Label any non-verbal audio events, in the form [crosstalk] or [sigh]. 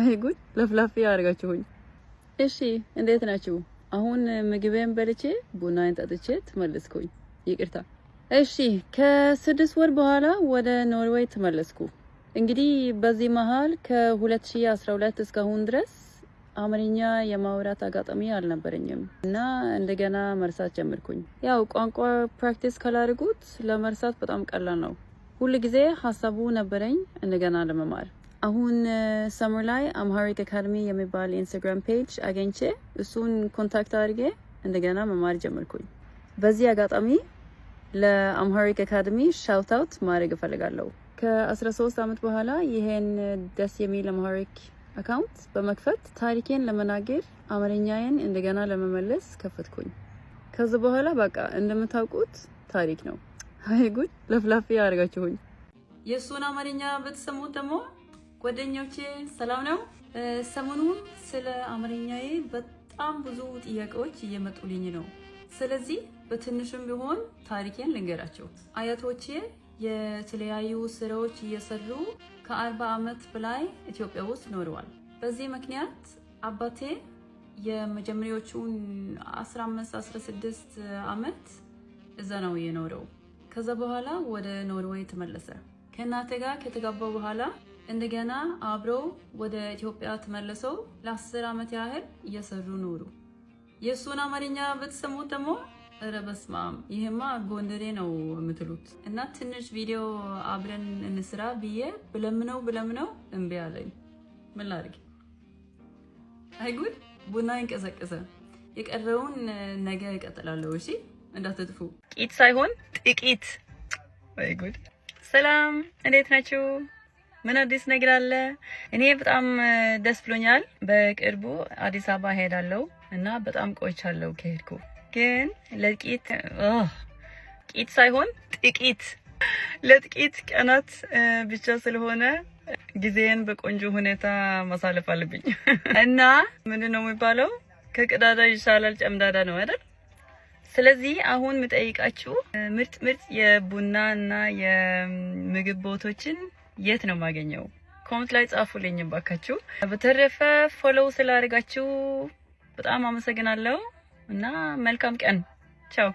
አይ ጉድ ለፍላፊ አድርጋችሁኝ። እሺ እንዴት ናችሁ? አሁን ምግቤን በልቼ ቡናዬን ጠጥቼ ተመለስኩኝ። ይቅርታ። እሺ ከስድስት ወር በኋላ ወደ ኖርዌይ ተመለስኩ። እንግዲህ በዚህ መሀል ከ2012 እስካሁን ድረስ አማርኛ የማውራት አጋጣሚ አልነበረኝም እና እንደገና መርሳት ጀመርኩኝ። ያው ቋንቋ ፕራክቲስ ካላርጉት ለመርሳት በጣም ቀላል ነው። ሁል ጊዜ ሀሳቡ ነበረኝ እንደገና ለመማር አሁን ሰመር ላይ አምሃሪክ አካደሚ የሚባል ኢንስታግራም ፔጅ አገኝቼ እሱን ኮንታክት አድርጌ እንደገና መማር ጀመርኩኝ። በዚህ አጋጣሚ ለአምሃሪክ አካደሚ ሻውት አውት ማድረግ እፈልጋለሁ። ከ13 ዓመት በኋላ ይሄን ደስ የሚል አምሃሪክ አካውንት በመክፈት ታሪኬን ለመናገር አማርኛዬን እንደገና ለመመለስ ከፈትኩኝ። ከዚ በኋላ በቃ እንደምታውቁት ታሪክ ነው። አይ ጉድ ለፍላፊ አድርጋችሁኝ። የእሱን አማርኛ ብትሰሙት ደግሞ ጓደኞቼ ሰላም ነው። ሰሞኑ ስለ አማርኛዬ በጣም ብዙ ጥያቄዎች እየመጡልኝ ነው። ስለዚህ በትንሹም ቢሆን ታሪኬን ልንገራቸው። አያቶቼ የተለያዩ ስራዎች እየሰሩ ከአርባ ዓመት በላይ ኢትዮጵያ ውስጥ ኖረዋል። በዚህ ምክንያት አባቴ የመጀመሪያዎቹን 15 16 ዓመት እዛ ነው የኖረው። ከዛ በኋላ ወደ ኖርዌይ ተመለሰ። ከእናቴ ጋር ከተጋባ በኋላ እንደገና አብረው ወደ ኢትዮጵያ ተመልሰው ለአስር ዓመት ያህል እየሰሩ ኖሩ። የእሱን አማርኛ በተሰሙት ደግሞ እረ በስመ አብ ጎንደሬ ነው የምትሉት። እና ትንሽ ቪዲዮ አብረን እንስራ ብዬ ብለምነው ብለምነው እምቢ አለኝ። ምን ላድርግ? አይጉድ ቡና ይንቀዘቅዘ። የቀረውን ነገ እቀጥላለሁ። እሺ እንዳትጥፉ። ቂት ሳይሆን ጥቂት። አይጉድ። ሰላም፣ እንዴት ናችሁ? ምን አዲስ ነገር አለ? እኔ በጣም ደስ ብሎኛል። በቅርቡ አዲስ አበባ ሄዳለሁ እና በጣም ቆይቻለሁ ከሄድኩ፣ ግን ለጥቂት ጥቂት ሳይሆን ጥቂት ለጥቂት ቀናት ብቻ ስለሆነ ጊዜን በቆንጆ ሁኔታ ማሳለፍ አለብኝ [laughs] እና ምንድን ነው የሚባለው ከቅዳዳ ይሻላል ጨምዳዳ ነው አይደል? ስለዚህ አሁን የምጠይቃችሁ ምርጥ ምርጥ የቡና እና የምግብ ቦታዎችን የት ነው የማገኘው? ኮመንት ላይ ጻፉልኝ ባካችሁ። በተረፈ ፎሎው ስላደረጋችሁ በጣም አመሰግናለሁ እና መልካም ቀን ቻው።